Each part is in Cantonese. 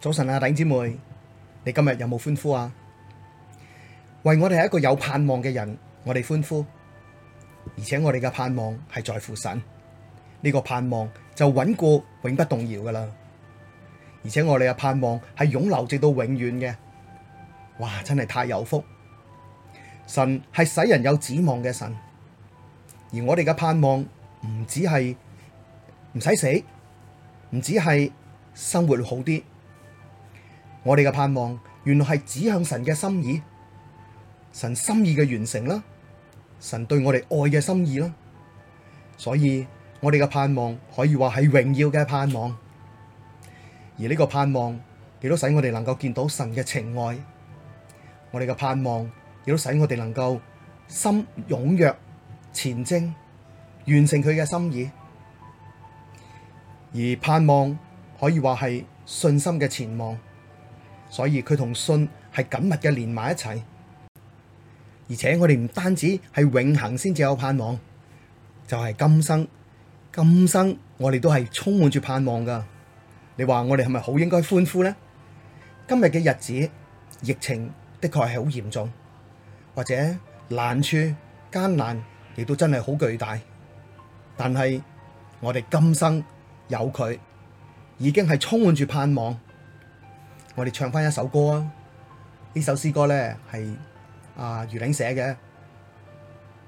早晨啊，弟兄姊妹，你今日有冇歡呼啊？為我哋係一個有盼望嘅人，我哋歡呼，而且我哋嘅盼望係在乎神，呢個盼望就穩固永不動搖噶啦。而且我哋嘅盼望係湧流直到永遠嘅，哇！真係太有福。神係使人有指望嘅神，而我哋嘅盼望唔止係唔使死，唔止係生活好啲。我哋嘅盼望，原來係指向神嘅心意，神心意嘅完成啦，神對我哋愛嘅心意啦，所以我哋嘅盼望可以話係榮耀嘅盼望，而呢個盼望，亦都使我哋能夠見到神嘅情愛。我哋嘅盼望，亦都使我哋能夠心踴躍前征，完成佢嘅心意。而盼望可以話係信心嘅前望。所以佢同信係緊密嘅連埋一齊，而且我哋唔單止係永恆先至有盼望，就係今生，今生我哋都係充滿住盼望噶。你話我哋係咪好應該歡呼呢？今日嘅日子，疫情的確係好嚴重，或者難處艱難，亦都真係好巨大。但係我哋今生有佢，已經係充滿住盼望。我哋唱翻一首歌啊！呢首詩歌咧，係阿余嶺寫嘅，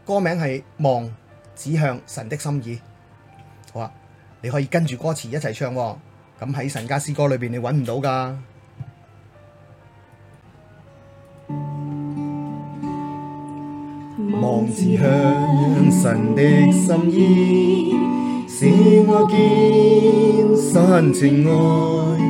歌名係望，指向神的心意。好啊，你可以跟住歌詞一齊唱哦。咁喺神家詩歌裏邊你搵唔到噶。望，指向神的心意，使我見神情愛。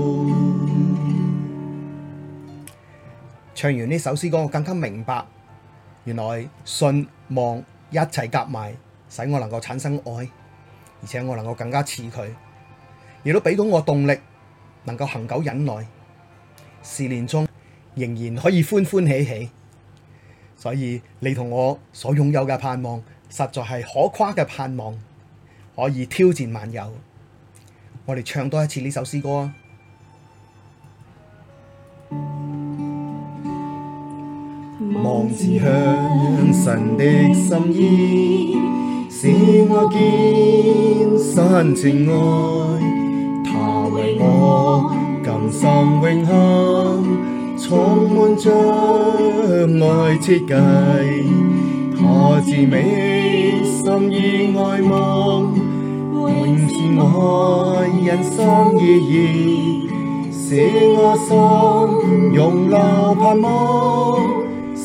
唱完呢首詩歌，我更加明白，原來信望一齊夾埋，使我能夠產生愛，而且我能夠更加似佢，亦都俾到我動力，能夠恆久忍耐，試煉中仍然可以歡歡喜喜。所以你同我所擁有嘅盼望，實在係可誇嘅盼望，可以挑戰萬有。我哋唱多一次呢首詩歌啊！望，指向神的心意，使我見神情愛，他為我今生永恆，充滿着愛設計。他至美心意愛慕，永是我人生意義，使我心湧流盼望。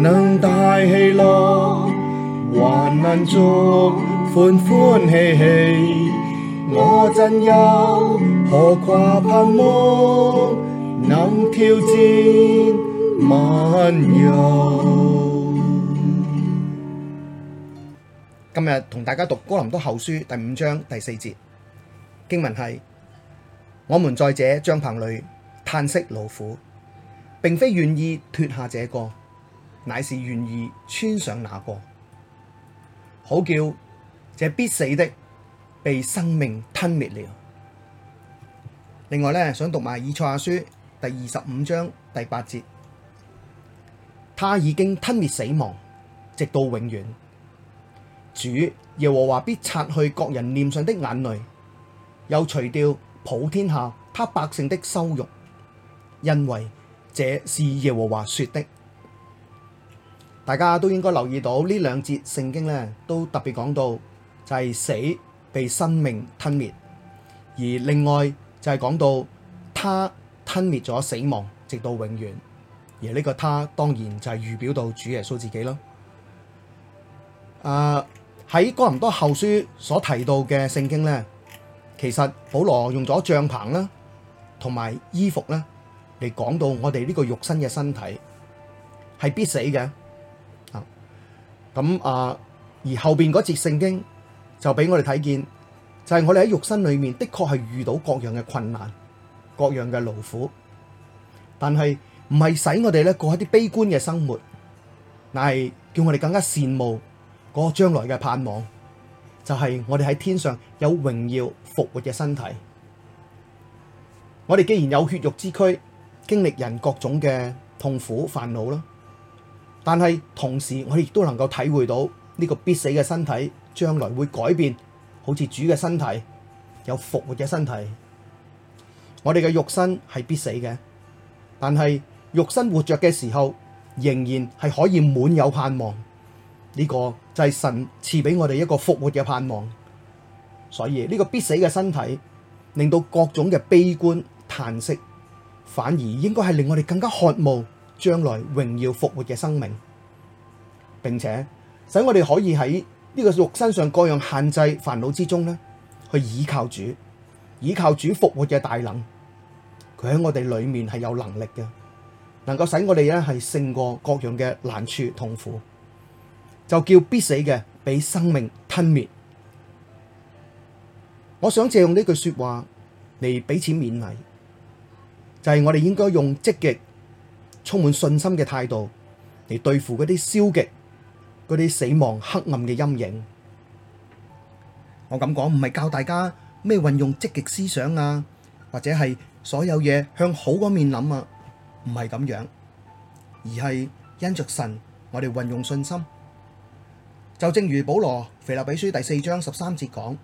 能大喜樂，患難中歡歡喜喜，我真有可誇盼望，能挑戰萬有。今日同大家讀《哥林多後書》第五章第四節經文是，係我們在這帳棚裡嘆息勞苦，並非願意脱下這個。乃是願意穿上那個，好叫這必死的被生命吞滅了。另外呢，想讀埋以賽亞書第二十五章第八節：他已經吞滅死亡，直到永遠。主耶和華必擦去各人臉上的眼淚，又除掉普天下他百姓的羞辱，因為這是耶和華說的。大家都應該留意到呢兩節聖經咧，都特別講到就係死被生命吞滅，而另外就係講到他吞滅咗死亡，直到永遠。而呢個他當然就係預表到主耶穌自己囉。啊，喺哥林多後書所提到嘅聖經咧，其實保羅用咗帳棚啦，同埋衣服咧嚟講到我哋呢個肉身嘅身體係必死嘅。咁啊，而後邊嗰節聖經就俾我哋睇見，就係我哋喺肉身裏面的確係遇到各樣嘅困難、各樣嘅勞苦，但係唔係使我哋咧過一啲悲觀嘅生活，乃係叫我哋更加羨慕嗰個將來嘅盼望，就係我哋喺天上有榮耀復活嘅身體。我哋既然有血肉之軀，經歷人各種嘅痛苦煩惱啦。但係同時，我哋亦都能夠體會到呢個必死嘅身體將來會改變，好似主嘅身體有復活嘅身體。我哋嘅肉身係必死嘅，但係肉身活着嘅時候，仍然係可以滿有盼望。呢、這個就係神賜俾我哋一個復活嘅盼望。所以呢個必死嘅身體令到各種嘅悲觀嘆息，反而應該係令我哋更加渴望。將來榮耀復活嘅生命，並且使我哋可以喺呢個肉身上各樣限制、煩惱之中呢，去倚靠主，倚靠主復活嘅大能，佢喺我哋裏面係有能力嘅，能夠使我哋呢，係勝過各樣嘅難處、痛苦，就叫必死嘅俾生命吞滅。我想借用呢句說話嚟彼此勉勵，就係、是、我哋應該用積極。充滿信心嘅態度嚟對付嗰啲消極、嗰啲死亡、黑暗嘅陰影。我咁講唔係教大家咩運用積極思想啊，或者係所有嘢向好嗰面諗啊，唔係咁樣，而係因着神，我哋運用信心。就正如保羅腓立比書第四章十三節講，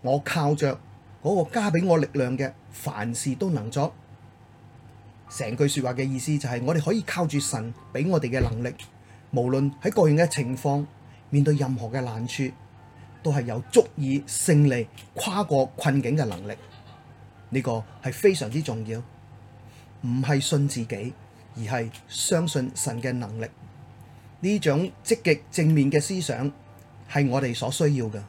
我靠着嗰個加俾我力量嘅，凡事都能作。成句說話嘅意思就係我哋可以靠住神俾我哋嘅能力，無論喺各樣嘅情況，面對任何嘅難處，都係有足以勝利跨過困境嘅能力。呢個係非常之重要，唔係信自己，而係相信神嘅能力。呢種積極正面嘅思想係我哋所需要嘅，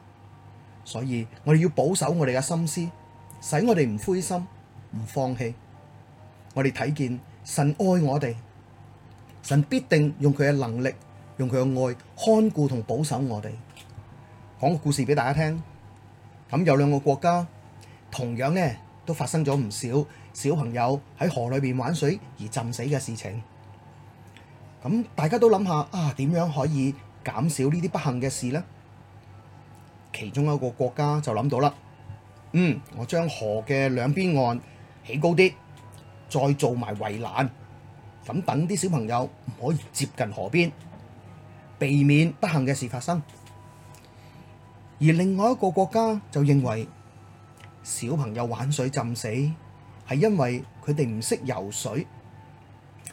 所以我哋要保守我哋嘅心思，使我哋唔灰心，唔放棄。我哋睇見神愛我哋，神必定用佢嘅能力，用佢嘅愛看顧同保守我哋。講個故事俾大家聽，咁有兩個國家，同樣呢都發生咗唔少小朋友喺河裏邊玩水而浸死嘅事情。咁大家都諗下啊，點樣可以減少呢啲不幸嘅事呢？其中一個國家就諗到啦，嗯，我將河嘅兩邊岸起高啲。再做埋圍欄，咁等啲小朋友唔可以接近河邊，避免不幸嘅事發生。而另外一個國家就認為小朋友玩水浸死係因為佢哋唔識游水，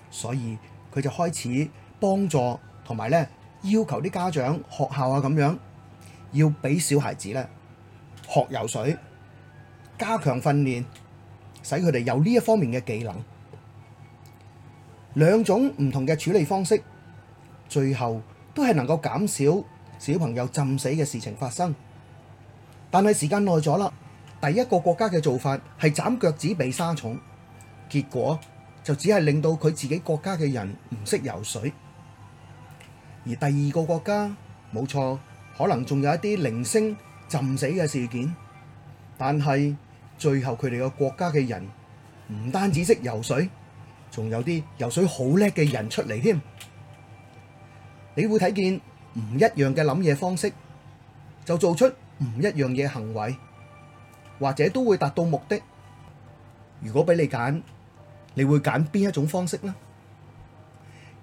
所以佢就開始幫助，同埋咧要求啲家長、學校啊咁樣要畀小孩子咧學游水，加強訓練。使佢哋有呢一方面嘅技能，兩種唔同嘅處理方式，最後都係能夠減少小朋友浸死嘅事情發生。但係時間耐咗啦，第一個國家嘅做法係斬腳趾避沙蟲，結果就只係令到佢自己國家嘅人唔識游水。而第二個國家，冇錯，可能仲有一啲零星浸死嘅事件，但係。最後佢哋個國家嘅人唔單止識游水，仲有啲游水好叻嘅人出嚟添。你會睇見唔一樣嘅諗嘢方式，就做出唔一樣嘅行為，或者都會達到目的。如果俾你揀，你會揀邊一種方式呢？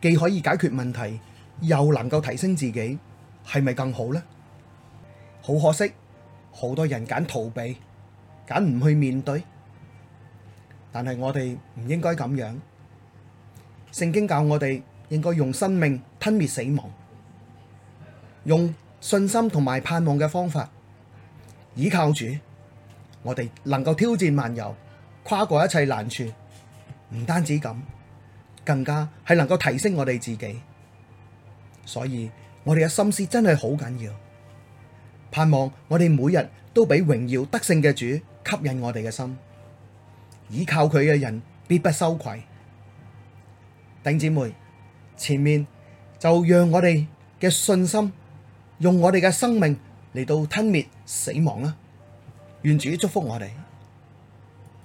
既可以解決問題，又能夠提升自己，係咪更好呢？好可惜，好多人揀逃避。揀唔去面對，但係我哋唔應該咁樣。聖經教我哋應該用生命吞滅死亡，用信心同埋盼望嘅方法倚靠主，我哋能夠挑戰萬有，跨過一切難處。唔單止咁，更加係能夠提升我哋自己。所以我哋嘅心思真係好緊要。盼望我哋每日都俾榮耀得勝嘅主。吸引我哋嘅心，依靠佢嘅人必不羞愧。弟兄姊妹，前面就讓我哋嘅信心，用我哋嘅生命嚟到吞滅死亡啦。願主祝福我哋。